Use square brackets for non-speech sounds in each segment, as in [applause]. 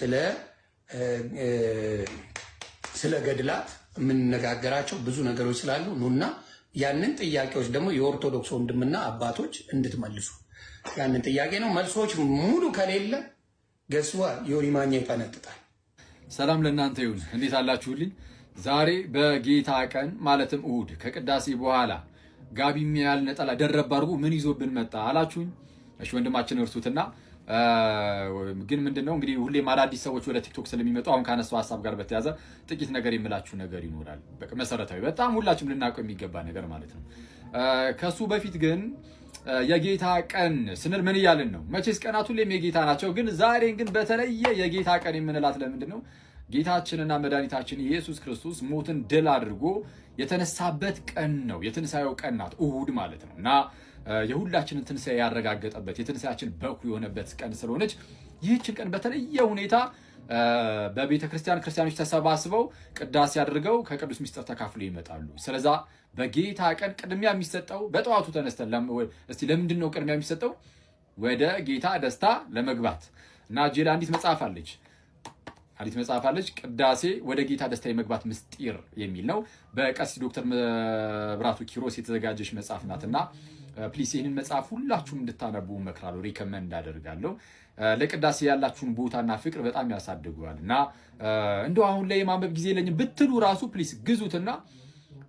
ስለ ገድላት የምንነጋገራቸው ብዙ ነገሮች ስላሉ ኑና ያንን ጥያቄዎች ደግሞ የኦርቶዶክስ ወንድምና አባቶች እንድትመልሱ ያንን ጥያቄ ነው። መልሶች ሙሉ ከሌለ ገስዋ ዮኒ ማኛ ይፈነጥጣል። ሰላም ለእናንተ ይሁን። እንዴት አላችሁልኝ? ዛሬ በጌታ ቀን ማለትም እሁድ ከቅዳሴ በኋላ ጋቢ የሚያል ነጠላ ደረብ አድርጎ ምን ይዞብን መጣ አላችሁኝ። እሺ ወንድማችን እርሱትና ግን ምንድነው እንግዲህ ሁሌም አዳዲስ ሰዎች ወደ ቲክቶክ ስለሚመጡ አሁን ካነሳው ሀሳብ ጋር በተያዘ ጥቂት ነገር የምላችሁ ነገር ይኖራል። መሰረታዊ በጣም ሁላችሁም ልናውቀው የሚገባ ነገር ማለት ነው። ከሱ በፊት ግን የጌታ ቀን ስንል ምን እያልን ነው? መቼስ ቀናት ሁሌም የጌታ ናቸው። ግን ዛሬን ግን በተለየ የጌታ ቀን የምንላት ለምንድን ነው? ጌታችንና መድኃኒታችን ኢየሱስ ክርስቶስ ሞትን ድል አድርጎ የተነሳበት ቀን ነው። የትንሣኤው ቀን ናት እሁድ ማለት ነው እና የሁላችንን ትንሣኤ ያረጋገጠበት የትንሣኤያችን በኩ የሆነበት ቀን ስለሆነች ይህችን ቀን በተለየ ሁኔታ በቤተ ክርስቲያን ክርስቲያኖች ተሰባስበው ቅዳሴ አድርገው ከቅዱስ ሚስጥር ተካፍሎ ይመጣሉ። ስለዛ በጌታ ቀን ቅድሚያ የሚሰጠው በጠዋቱ ተነስተን እስቲ ለምንድን ነው ቅድሚያ የሚሰጠው? ወደ ጌታ ደስታ ለመግባት እና ጄላ አንዲት መጽሐፍ አለች አንዲት መጽሐፍ አለች ቅዳሴ ወደ ጌታ ደስታ የመግባት ምስጢር የሚል ነው። በቀሲስ ዶክተር መብራቱ ኪሮስ የተዘጋጀች መጽሐፍ ናትና ፕሊስ ይህንን መጽሐፍ ሁላችሁም እንድታነቡ እመክራለሁ፣ ሪከመንድ አደርጋለሁ። ለቅዳሴ ያላችሁን ቦታና ፍቅር በጣም ያሳድገዋል እና እንደው አሁን ላይ የማንበብ ጊዜ የለኝም ብትሉ ራሱ ፕሊስ ግዙትና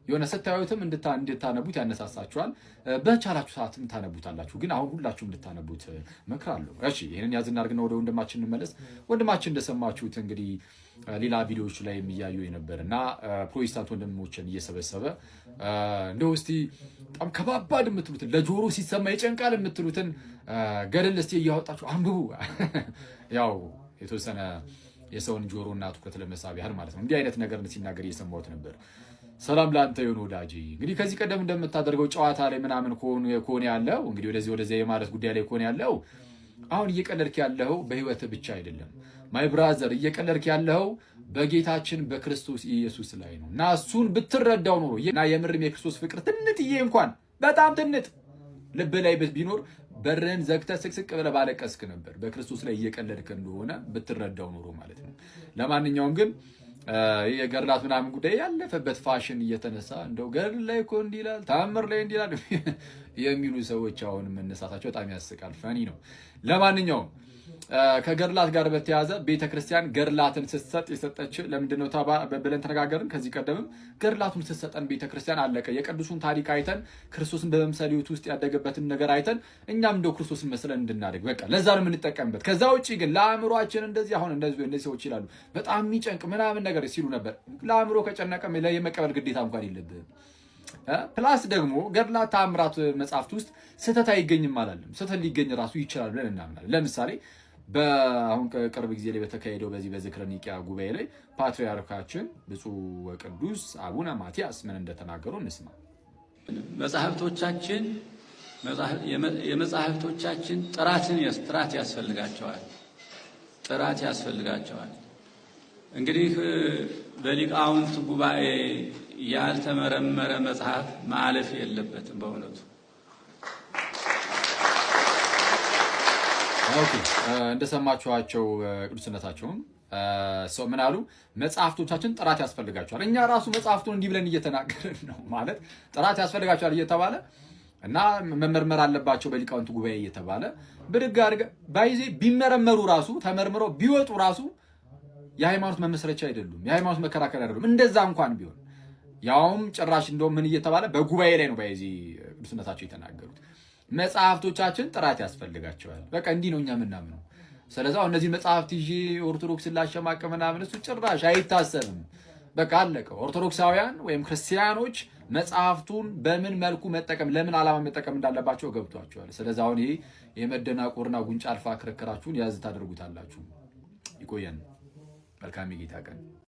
የሆነ ስታዩትም እንድታነቡት ያነሳሳችኋል። በቻላችሁ ሰዓትም ታነቡታላችሁ፣ ግን አሁን ሁላችሁም እንድታነቡት እመክራለሁ። እሺ ይህንን ያዝ እናድርግና ወደ ወንድማችን እንመለስ። ወንድማችን እንደሰማችሁት እንግዲህ ሌላ ቪዲዮዎች ላይ የሚያዩ የነበር እና ፕሮቴስታንት ወንድሞችን እየሰበሰበ እንደ ውስቲ በጣም ከባባድ የምትሉትን ለጆሮ ሲሰማ የጨንቃል የምትሉትን ገደል እስቲ እያወጣችሁ አንብቡ። [laughs] ያው የተወሰነ የሰውን ጆሮና ትኩረት ለመሳብ ያህል ማለት ነው። እንዲህ አይነት ነገር ሲናገር እየሰማሁት ነበር። ሰላም ለአንተ የሆነ ወዳጅ እንግዲህ ከዚህ ቀደም እንደምታደርገው ጨዋታ ላይ ምናምን ከሆነ ያለው እንግዲህ ወደዚህ ወደዚያ የማለት ጉዳይ ላይ ከሆነ ያለው አሁን እየቀለድክ ያለው በህይወት ብቻ አይደለም፣ ማይ ብራዘር እየቀለድክ ያለው በጌታችን በክርስቶስ ኢየሱስ ላይ ነው። እና እሱን ብትረዳው ኖሮ እና የምርም የክርስቶስ ፍቅር ትንጥዬ እንኳን በጣም ትንጥ ልብ ላይ ቢኖር በርህን ዘግተህ ስቅስቅ ብለህ ባለቀስክ ነበር። በክርስቶስ ላይ እየቀለድክ እንደሆነ ብትረዳው ኖሮ ማለት ነው። ለማንኛውም ግን የገድላት ምናምን ጉዳይ ያለፈበት ፋሽን እየተነሳ እንደው ገድል ላይ እኮ እንዲህ ይላል፣ ታምር ላይ እንዲህ ይላል [laughs] የሚሉ ሰዎች አሁን መነሳታቸው በጣም ያስቃል፣ ፈኒ ነው። ለማንኛውም ከገድላት ጋር በተያያዘ ቤተክርስቲያን ገድላትን ስትሰጥ የሰጠች ለምንድን ነው ብለን ተነጋገርን። ከዚህ ቀደምም ገድላቱን ስትሰጠን ቤተክርስቲያን አለቀ። የቅዱሱን ታሪክ አይተን ክርስቶስን በመምሰል ውስጥ ያደገበትን ነገር አይተን እኛም እንደው ክርስቶስን መስለን እንድናደግ በቃ ለዛ ነው የምንጠቀምበት። ከዛ ውጭ ግን ለአእምሯችን እንደዚህ አሁን እንደዚህ ሰዎች ይላሉ በጣም የሚጨንቅ ምናምን ነገር ነገር ሲሉ ነበር። ለአእምሮ ከጨነቀ የመቀበል ግዴታ እንኳን የለብህም። ፕላስ ደግሞ ገድላ ታምራት መጽሐፍት ውስጥ ስህተት አይገኝም አላለም። ስህተት ሊገኝ ራሱ ይችላል ብለን እናምናለን። ለምሳሌ በአሁን ቅርብ ጊዜ ላይ በተካሄደው በዚህ በዝክረ ኒቂያ ጉባኤ ላይ ፓትሪያርካችን ብፁዕ ወቅዱስ አቡነ ማቲያስ ምን እንደተናገሩ እንስማ። መጽሐፍቶቻችን የመጽሐፍቶቻችን ጥራትን ጥራት ያስፈልጋቸዋል ጥራት ያስፈልጋቸዋል እንግዲህ በሊቃውንት ጉባኤ ያልተመረመረ መጽሐፍ ማለፍ የለበትም። በእውነቱ እንደሰማችኋቸው ቅዱስነታቸውን ሰው ምን አሉ? መጽሐፍቶቻችን ጥራት ያስፈልጋቸዋል። እኛ ራሱ መጽሐፍቱን እንዲህ ብለን እየተናገርን ነው ማለት ጥራት ያስፈልጋቸዋል እየተባለ እና መመርመር አለባቸው በሊቃውንት ጉባኤ እየተባለ ብድግ አድርገህ ባይዜ ቢመረመሩ ራሱ ተመርምረው ቢወጡ ራሱ የሃይማኖት መመስረቻ አይደሉም፣ የሃይማኖት መከራከል አይደሉም። እንደዛ እንኳን ቢሆን ያውም ጭራሽ እንደውም ምን እየተባለ በጉባኤ ላይ ነው በዚህ ቅዱስነታቸው የተናገሩት። መጽሐፍቶቻችን ጥራት ያስፈልጋቸዋል። በቃ እንዲህ ነው እኛ ምናምነው። ስለዚ እነዚህ መጽሐፍት ይዤ ኦርቶዶክስ ላሸማቀ ምናምን እሱ ጭራሽ አይታሰብም። በቃ አለቀ። ኦርቶዶክሳውያን ወይም ክርስቲያኖች መጽሐፍቱን በምን መልኩ መጠቀም ለምን ዓላማ መጠቀም እንዳለባቸው ገብቷቸዋል። ስለዚ አሁን ይሄ የመደናቆርና ጉንጫ አልፋ ክርክራችሁን ያዝ ታደርጉታላችሁ። ይቆየን። መልካም የጌታ ቀን